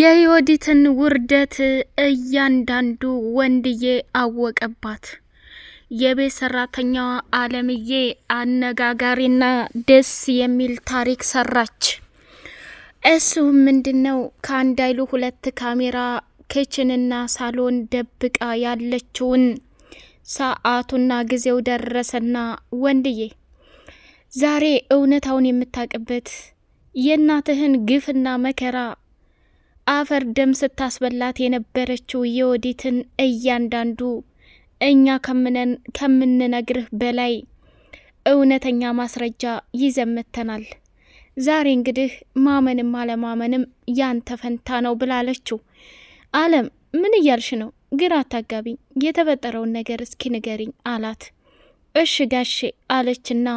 የዮዲትን ውርደት እያንዳንዱ ወንድዬ አወቀባት። የቤት ሰራተኛዋ አለምዬ አነጋጋሪና ደስ የሚል ታሪክ ሰራች። እሱ ምንድን ነው? ከአንድ አይሉ ሁለት ካሜራ ክችንና ሳሎን ደብቃ ያለችውን ሰዓቱና ጊዜው ደረሰና ወንድዬ ዛሬ እውነታውን የምታውቅበት የእናትህን ግፍና መከራ አፈር ደም ስታስበላት የነበረችው የወዲትን እያንዳንዱ እኛ ከምንነግርህ በላይ እውነተኛ ማስረጃ ይዘመተናል። ዛሬ እንግዲህ ማመንም አለማመንም ያንተ ፈንታ ነው ብላለችው። አለም ምን እያልሽ ነው? ግራ አታጋቢኝ፣ የተፈጠረውን ነገር እስኪ ንገሪኝ አላት። እሽ ጋሼ አለችና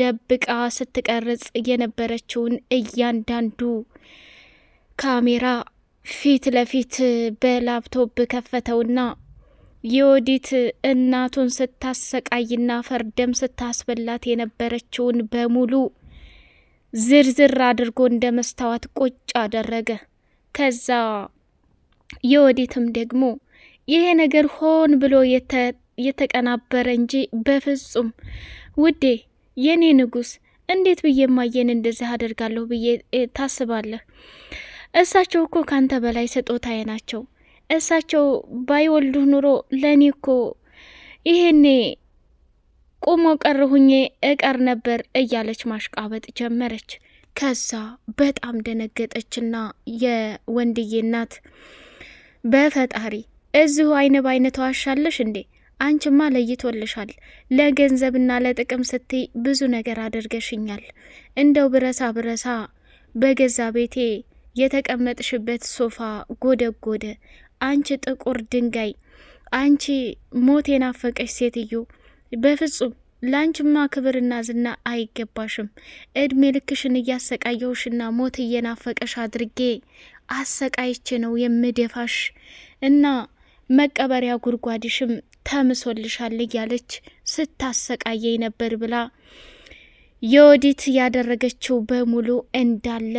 ደብቃ ስትቀርጽ የነበረችውን እያንዳንዱ ካሜራ ፊት ለፊት በላፕቶፕ ከፈተውና የወዲት እናቱን ስታሰቃይና ፈርደም ስታስበላት የነበረችውን በሙሉ ዝርዝር አድርጎ እንደ መስታወት ቁጭ አደረገ። ከዛ የወዲትም ደግሞ ይሄ ነገር ሆን ብሎ የተቀናበረ እንጂ በፍጹም ውዴ፣ የኔ ንጉስ እንዴት ብዬ ማየን እንደዚህ አደርጋለሁ ብዬ ታስባለህ? እሳቸው እኮ ካንተ በላይ ስጦታዬ ናቸው። እሳቸው ባይወልዱህ ኑሮ ለእኔ እኮ ይሄኔ ቁሞ ቀር ሁኜ እቀር ነበር እያለች ማሽቃበጥ ጀመረች። ከዛ በጣም ደነገጠችና የወንድዬ እናት በፈጣሪ እዚሁ አይን ባይነ ተዋሻለሽ እንዴ? አንቺማ ለይቶልሻል። ለገንዘብና ለጥቅም ስትይ ብዙ ነገር አድርገሽኛል። እንደው ብረሳ ብረሳ በገዛ ቤቴ የተቀመጥሽበት ሶፋ ጎደጎደ። አንቺ ጥቁር ድንጋይ፣ አንቺ ሞት የናፈቀሽ ሴትዮ፣ በፍጹም ለአንቺማ ክብርና ዝና አይገባሽም። እድሜ ልክሽን እያሰቃየውሽና ሞት እየናፈቀሽ አድርጌ አሰቃይቼ ነው የምደፋሽ እና መቀበሪያ ጉድጓድሽም ተምሶልሻል እያለች ስታሰቃየኝ ነበር ብላ የወዲት ያደረገችው በሙሉ እንዳለ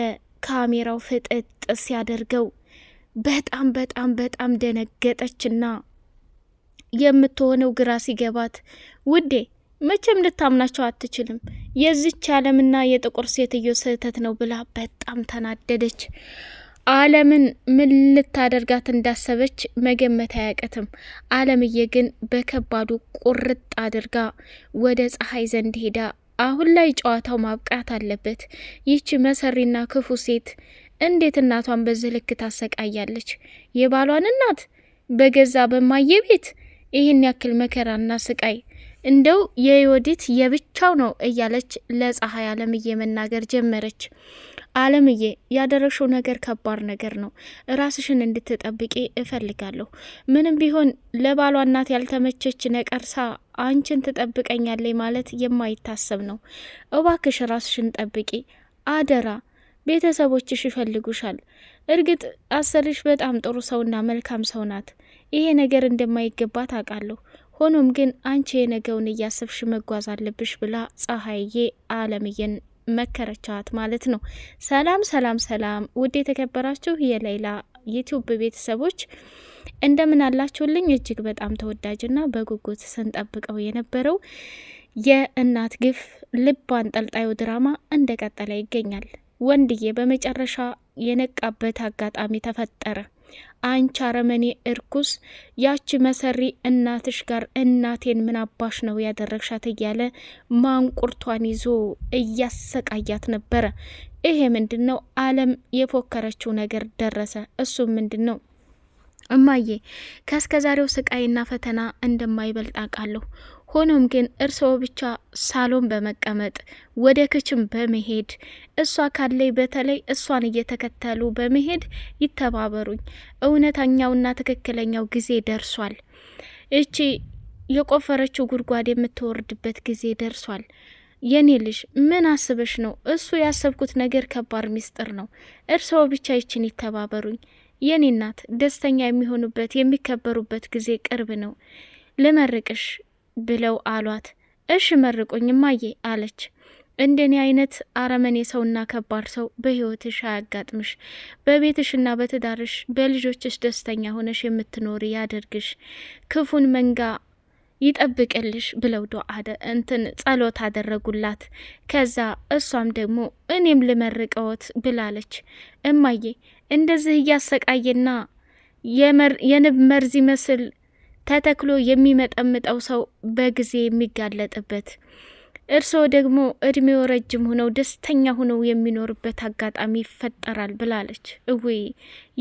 ካሜራው ፍጥጥ ሲያደርገው በጣም በጣም በጣም ደነገጠችና የምትሆነው ግራ ሲገባት፣ ውዴ መቼም ልታምናቸው አትችልም የዚች ዓለምና የጥቁር ሴትዮ ስህተት ነው ብላ በጣም ተናደደች። አለምን ምን ልታደርጋት እንዳሰበች መገመት አያቅትም። አለምዬ ግን በከባዱ ቁርጥ አድርጋ ወደ ፀሐይ ዘንድ ሄዳ አሁን ላይ ጨዋታው ማብቃት አለበት። ይቺ መሰሪና ክፉ ሴት እንዴት እናቷን በዚህ ልክ ታሰቃያለች? የባሏን እናት በገዛ በማየ ቤት ይህን ያክል መከራና ስቃይ እንደው የዮዲት የብቻው ነው እያለች ለፀሐይ አለምዬ መናገር ጀመረች። አለምዬ ያደረግሽው ነገር ከባድ ነገር ነው። ራስሽን እንድትጠብቂ እፈልጋለሁ። ምንም ቢሆን ለባሏ እናት ያልተመቸች ነቀርሳ አንቺን ትጠብቀኛለች ማለት የማይታሰብ ነው። እባክሽ ራስሽን ጠብቂ አደራ። ቤተሰቦችሽ ይፈልጉሻል። እርግጥ አሰርሽ በጣም ጥሩ ሰውና መልካም ሰው ናት። ይሄ ነገር እንደማይገባ ታውቃለሁ። ሆኖም ግን አንቺ የነገውን እያሰብሽ መጓዝ አለብሽ ብላ ፀሐይዬ አለምዬን መከረቻት ማለት ነው። ሰላም ሰላም ሰላም! ውድ የተከበራችሁ የሌላ ዩቲዩብ ቤተሰቦች እንደምን አላችሁልኝ? እጅግ በጣም ተወዳጅና በጉጉት ስንጠብቀው የነበረው የእናት ግፍ ልብ አንጠልጣዩ ድራማ እንደቀጠለ ይገኛል። ወንድዬ በመጨረሻ የነቃበት አጋጣሚ ተፈጠረ። አንቺ አረመኔ እርኩስ፣ ያቺ መሰሪ እናትሽ ጋር እናቴን ምን አባሽ ነው ያደረግሻት? እያለ ማንቁርቷን ይዞ እያሰቃያት ነበረ። ይሄ ምንድን ነው? አለም የፎከረችው ነገር ደረሰ። እሱም ምንድን ነው? እማዬ ከእስከ ዛሬው ስቃይና ፈተና እንደማይበልጥ አውቃለሁ ሆኖም ግን እርስዎ ብቻ ሳሎን በመቀመጥ ወደ ክችን በመሄድ እሷ ካለይ በተለይ እሷን እየተከተሉ በመሄድ ይተባበሩኝ። እውነተኛውና ትክክለኛው ጊዜ ደርሷል። እቺ የቆፈረችው ጉድጓድ የምትወርድበት ጊዜ ደርሷል። የኔ ልጅ ምን አስበሽ ነው? እሱ ያሰብኩት ነገር ከባድ ሚስጥር ነው። እርስዎ ብቻ ይችን ይተባበሩኝ። የኔ እናት ደስተኛ የሚሆኑበት የሚከበሩበት ጊዜ ቅርብ ነው። ልመርቅሽ ብለው አሏት። እሽ መርቁኝ እማዬ አለች። እንደኔ አይነት አረመኔ ሰውና ከባድ ሰው በህይወትሽ አያጋጥምሽ። በቤትሽና በትዳርሽ በልጆችሽ ደስተኛ ሆነሽ የምትኖር ያደርግሽ፣ ክፉን መንጋ ይጠብቅልሽ ብለው ዶአደ እንትን ጸሎት አደረጉላት። ከዛ እሷም ደግሞ እኔም ልመርቀዎት ብላለች። እማዬ እንደዚህ እያሰቃየና የንብ መርዝ ይመስል ተተክሎ የሚመጠምጠው ሰው በጊዜ የሚጋለጥበት እርስዎ ደግሞ እድሜው ረጅም ሆነው ደስተኛ ሆነው የሚኖርበት አጋጣሚ ይፈጠራል ብላለች። እውይ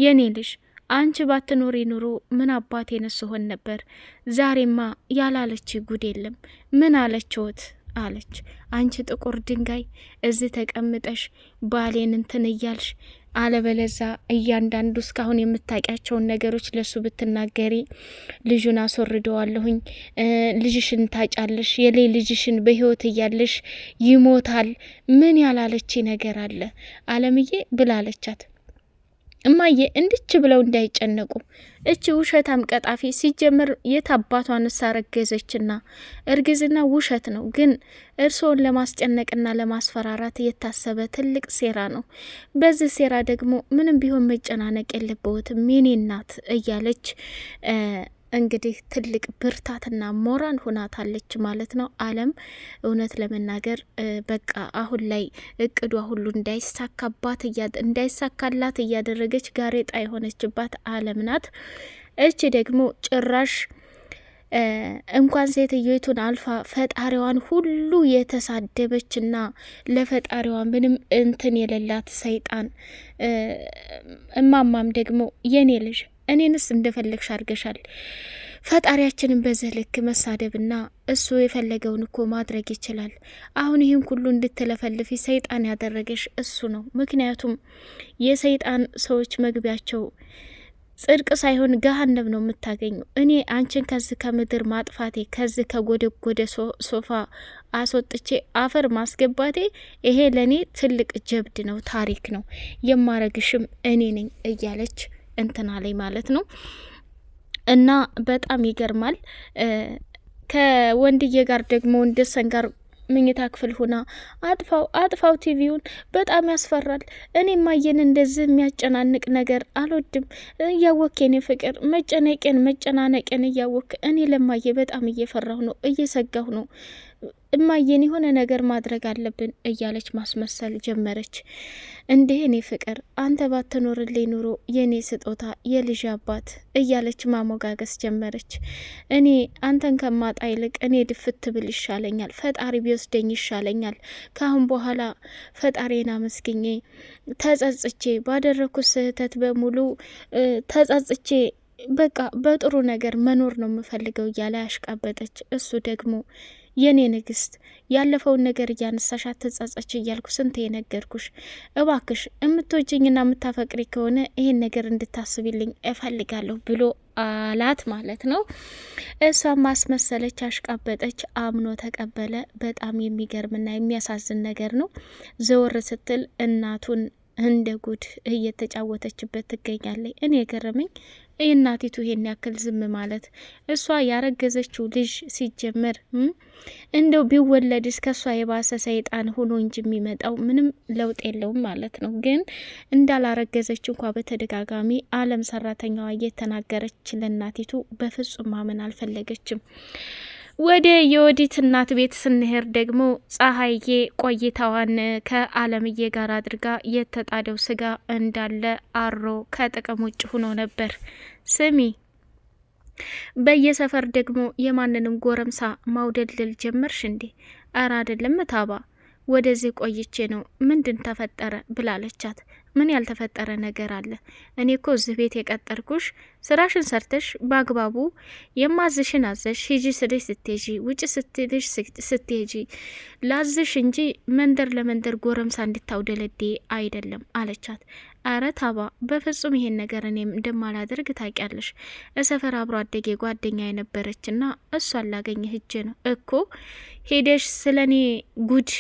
የኔ ልጅ አንቺ ባትኖሪ ኑሮ ምን አባት የነሱ ሆን ነበር። ዛሬማ ያላለች ጉድ የለም። ምን አለችዎት? አለች አንቺ ጥቁር ድንጋይ እዚህ ተቀምጠሽ ባሌን እንትን እያልሽ አለበለዛ እያንዳንዱ እስካሁን የምታውቂያቸውን ነገሮች ለሱ ብትናገሪ ልጁን አስወርደዋለሁኝ፣ ልጅሽን ታጫለሽ፣ የሌ ልጅሽን በህይወት እያለሽ ይሞታል፣ ምን ያላለች ነገር አለ አለምዬ ብላለቻት። እማዬ እንድች ብለው እንዳይጨነቁ። እች ውሸታም ቀጣፊ ሲጀምር የት አባቷን ሳረገዘችና እርግዝና ውሸት ነው፣ ግን እርስዎን ለማስጨነቅና ለማስፈራራት የታሰበ ትልቅ ሴራ ነው። በዚህ ሴራ ደግሞ ምንም ቢሆን መጨናነቅ የለብዎትም የኔ እናት እያለች እንግዲህ ትልቅ ብርታትና ሞራል ሆናታለች ማለት ነው። አለም እውነት ለመናገር በቃ አሁን ላይ እቅዷ ሁሉ እንዳይሳካባት እንዳይሳካላት እያደረገች ጋሬጣ የሆነችባት አለም ናት። እቺ ደግሞ ጭራሽ እንኳን ሴትዮቱን አልፋ ፈጣሪዋን ሁሉ የተሳደበችና ለፈጣሪዋ ምንም እንትን የሌላት ሰይጣን እማማም ደግሞ የኔ ልጅ እኔንስ እንደፈለግሽ አድርገሻል። ፈጣሪያችንን በዚህ ልክ መሳደብና እሱ የፈለገውን እኮ ማድረግ ይችላል። አሁን ይህን ሁሉ እንድትለፈልፊ ሰይጣን ያደረገሽ እሱ ነው። ምክንያቱም የሰይጣን ሰዎች መግቢያቸው ጽድቅ ሳይሆን ገሀነም ነው የምታገኙ። እኔ አንቺን ከዚህ ከምድር ማጥፋቴ ከዚህ ከጎደጎደ ሶፋ አስወጥቼ አፈር ማስገባቴ ይሄ ለእኔ ትልቅ ጀብድ ነው፣ ታሪክ ነው። የማረግሽም እኔ ነኝ እያለች እንትና ላይ ማለት ነው። እና በጣም ይገርማል። ከወንድዬ ጋር ደግሞ ወንድሰን ጋር ምኝታ ክፍል ሁና አጥፋው አጥፋው ቲቪውን በጣም ያስፈራል። እኔ ማየን እንደዚህ የሚያጨናንቅ ነገር አልወድም። እያወክ የኔ ፍቅር መጨነቄን መጨናነቄን እያወክ እኔ ለማየ በጣም እየፈራሁ ነው እየሰጋሁ ነው እማዬን የሆነ ነገር ማድረግ አለብን እያለች ማስመሰል ጀመረች። እንዴ እኔ ፍቅር አንተ ባትኖርልኝ ኑሮ የእኔ ስጦታ የልጅ አባት እያለች ማሞጋገስ ጀመረች። እኔ አንተን ከማጣ ይልቅ እኔ ድፍት ብል ይሻለኛል፣ ፈጣሪ ቢወስደኝ ይሻለኛል። ካሁን በኋላ ፈጣሪን አመስግኜ ተጸጽቼ ባደረግኩት ስህተት በሙሉ ተጸጽቼ በቃ በጥሩ ነገር መኖር ነው የምፈልገው እያለ ያሽቃበጠች እሱ ደግሞ የኔ ንግስት ያለፈውን ነገር እያነሳሽ አትጻጸች እያልኩ ስንት የነገርኩሽ። እባክሽ የምትወጅኝና የምታፈቅሪ ከሆነ ይሄን ነገር እንድታስብልኝ እፈልጋለሁ ብሎ አላት ማለት ነው። እሷም ማስመሰለች፣ አሽቃበጠች፣ አምኖ ተቀበለ። በጣም የሚገርምና የሚያሳዝን ነገር ነው። ዘወር ስትል እናቱን እንደ ጉድ እየተጫወተችበት ትገኛለች። እኔ የገረመኝ እናቲቱ ይሄን ያክል ዝም ማለት እሷ ያረገዘችው ልጅ ሲጀመር እንደው ቢወለድስ ከእሷ የባሰ ሰይጣን ሆኖ እንጂ የሚመጣው ምንም ለውጥ የለውም ማለት ነው። ግን እንዳላረገዘች እንኳ በተደጋጋሚ አለም ሰራተኛዋ እየተናገረች ለእናቲቱ በፍጹም ማመን አልፈለገችም። ወደ የወዲት እናት ቤት ስንሄድ ደግሞ ፀሐዬ ቆይታዋን ከአለምዬ ጋር አድርጋ የተጣደው ስጋ እንዳለ አሮ ከጥቅም ውጭ ሆኖ ነበር። ስሚ በየሰፈር ደግሞ የማንንም ጎረምሳ ማውደልል ጀመርሽ እንዴ? እረ አይደለም ታባ፣ ወደዚህ ቆይቼ ነው ምንድን ተፈጠረ ብላለቻት። ምን ያልተፈጠረ ነገር አለ? እኔ እኮ እዚህ ቤት የቀጠርኩሽ ስራሽን ሰርተሽ በአግባቡ የማዝሽን አዘሽ፣ ሂጂ ስልሽ ስትሄጂ፣ ውጭ ስትልሽ ስትሄጂ ላዝሽ እንጂ መንደር ለመንደር ጎረምሳ እንድታውደለዴ አይደለም አለቻት። አረ ታባ፣ በፍጹም ይሄን ነገር እኔም እንደማላደርግ ታውቂያለሽ። እሰፈር አብሮ አደጌ ጓደኛ የነበረችና እሷ አላገኘ ሂጄ ነው እኮ ሄደሽ ስለ እኔ ጉድ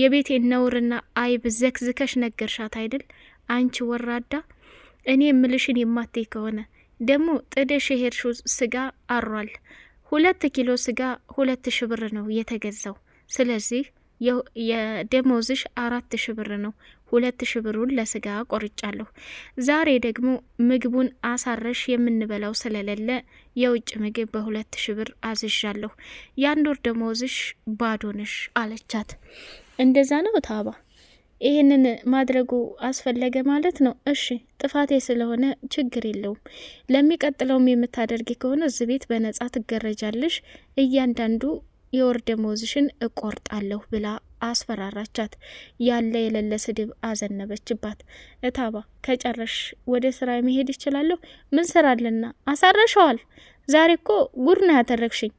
የቤቴን ነውርና አይብ ዘክዝከሽ ነገርሻት አይደል? አንቺ ወራዳ፣ እኔ የምልሽን የማትይ ከሆነ ደግሞ ጥደሽ የሄድሽው ስጋ አሯል። ሁለት ኪሎ ስጋ ሁለት ሺ ብር ነው የተገዛው። ስለዚህ የደሞዝሽ አራት ሺ ብር ነው። ሁለት ሺ ብሩን ለስጋ ቆርጫለሁ። ዛሬ ደግሞ ምግቡን አሳረሽ የምንበላው ስለሌለ የውጭ ምግብ በሁለት ሺ ብር አዝዣለሁ። የአንድ ወር ደሞዝሽ ባዶ ነሽ አለቻት። እንደዛ ነው ታባ ይህንን ማድረጉ አስፈለገ ማለት ነው። እሺ ጥፋቴ ስለሆነ ችግር የለውም። ለሚቀጥለውም የምታደርጊ ከሆነ እዚህ ቤት በነጻ ትገረጃለሽ፣ እያንዳንዱ የወር ደመወዝሽን እቆርጣለሁ ብላ አስፈራራቻት። ያለ የሌለ ስድብ አዘነበችባት። እታባ ከጨረሽ ወደ ስራ መሄድ ይችላለሁ። ምን ስራልና አሳረሸዋል። ዛሬ እኮ ጉድ ነው ያተረግሽኝ።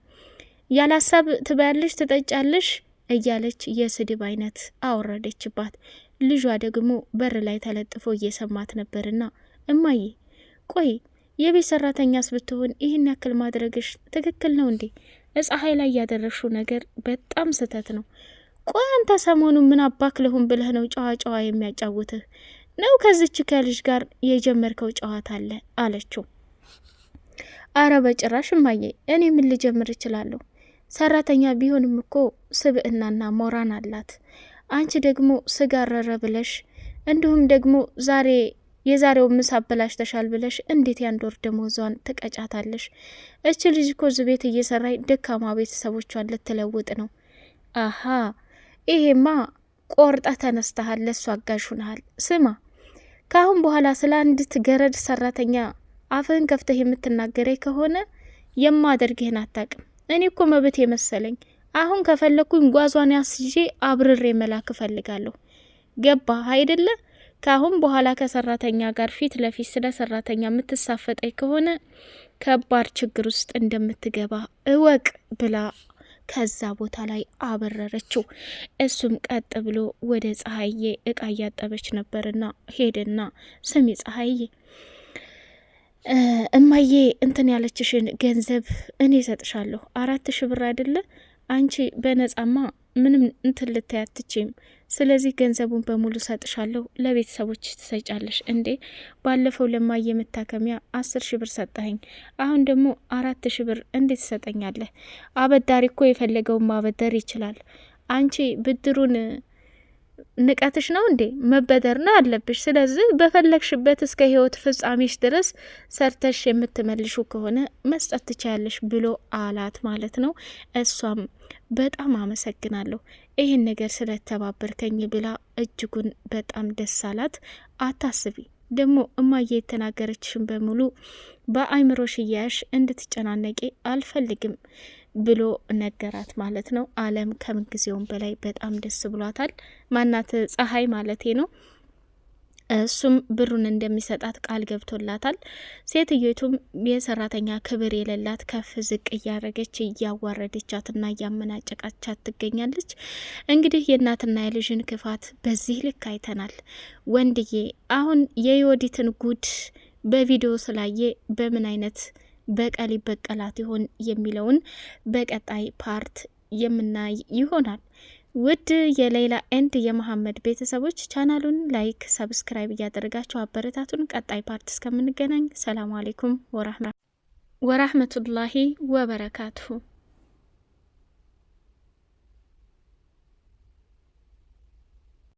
ያለ ሀሳብ ትበያለሽ፣ ትጠጫለሽ እያለች የስድብ አይነት አወረደችባት። ልጇ ደግሞ በር ላይ ተለጥፎ እየሰማት ነበርና እማዬ ቆይ የቤት ሰራተኛስ ብትሆን ይህን ያክል ማድረግሽ ትክክል ነው እንዴ? ፀሐይ ላይ ያደረግሽው ነገር በጣም ስህተት ነው። ቆይ አንተ ሰሞኑን ምን አባክ ለሁን ብለህ ነው ጨዋ ጨዋ የሚያጫውትህ ነው? ከዚች ከልጅ ጋር የጀመርከው ጨዋታ አለ አለችው። አረ በጭራሽ እማዬ፣ እኔ ምን ልጀምር እችላለሁ? ሰራተኛ ቢሆንም እኮ ስብዕናና ሞራን አላት። አንቺ ደግሞ ስጋ ረረ ብለሽ እንዲሁም ደግሞ ዛሬ የዛሬው ምሳ አበላሽተሻል ብለሽ እንዴት ያንድ ወር ደሞዟን ትቀጫታለሽ? እች ልጅ እኮ እዚህ ቤት እየሰራች ደካማ ቤተሰቦቿን ልትለውጥ ነው። አሀ ይሄማ ቆርጠ ተነስተሃል፣ ለሱ አጋዥ ሁነሃል። ስማ ከአሁን በኋላ ስለ አንዲት ገረድ ሰራተኛ አፍህን ከፍተህ የምትናገረኝ ከሆነ የማደርግህን አታቅም። እኔ እኮ መብት የመሰለኝ አሁን ከፈለግኩኝ ጓዟን ያስዤ አብርሬ መላክ እፈልጋለሁ። ገባ አይደለ? ከአሁን በኋላ ከሰራተኛ ጋር ፊት ለፊት ስለ ሰራተኛ የምትሳፈጠኝ ከሆነ ከባድ ችግር ውስጥ እንደምትገባ እወቅ ብላ ከዛ ቦታ ላይ አበረረችው። እሱም ቀጥ ብሎ ወደ ፀሐዬ እቃ እያጠበች ነበርና ሄደና ስሚ ፀሐዬ እማዬ እንትን ያለችሽን ገንዘብ እኔ እሰጥሻለሁ። አራት ሺ ብር አይደለ? አንቺ በነጻማ ምንም እንትን ልታይ አትችም። ስለዚህ ገንዘቡን በሙሉ ሰጥሻለሁ፣ ለቤተሰቦች ትሰጫለሽ። እንዴ ባለፈው ለማየ መታከሚያ አስር ሺ ብር ሰጠኸኝ፣ አሁን ደግሞ አራት ሺ ብር እንዴት ትሰጠኛለህ? አበዳሪ እኮ የፈለገውን ማበደር ይችላል። አንቺ ብድሩን ንቀትሽ ነው እንዴ? መበደር ነው አለብሽ። ስለዚህ በፈለግሽበት እስከ ህይወት ፍጻሜሽ ድረስ ሰርተሽ የምትመልሹ ከሆነ መስጠት ትችያለሽ ብሎ አላት ማለት ነው። እሷም በጣም አመሰግናለሁ ይህን ነገር ስለተባበርከኝ ብላ እጅጉን በጣም ደስ አላት። አታስቢ ደግሞ እማዬ የተናገረችሽን በሙሉ በአይምሮሽ እያያሽ እንድትጨናነቂ አልፈልግም ብሎ ነገራት ማለት ነው። አለም ከምንጊዜውም በላይ በጣም ደስ ብሏታል። ማናት ፀሐይ ማለቴ ነው። እሱም ብሩን እንደሚሰጣት ቃል ገብቶላታል። ሴትዮቱም የሰራተኛ ክብር የሌላት ከፍ ዝቅ እያረገች እያዋረደቻትና እያመናጨቃቻት ትገኛለች። እንግዲህ የእናትና የልጅን ክፋት በዚህ ልክ አይተናል። ወንድዬ አሁን የዮዲትን ጉድ በቪዲዮ ስላየ በምን አይነት በቀል ይበቀላት ይሆን የሚለውን በቀጣይ ፓርት የምናይ ይሆናል። ውድ የሌላ ኤንድ የመሐመድ ቤተሰቦች ቻናሉን ላይክ፣ ሰብስክራይብ እያደረጋችሁ አበረታቱን። ቀጣይ ፓርት እስከምንገናኝ ሰላም አሌይኩም ወራህመቱላሂ ወበረካቱሁ።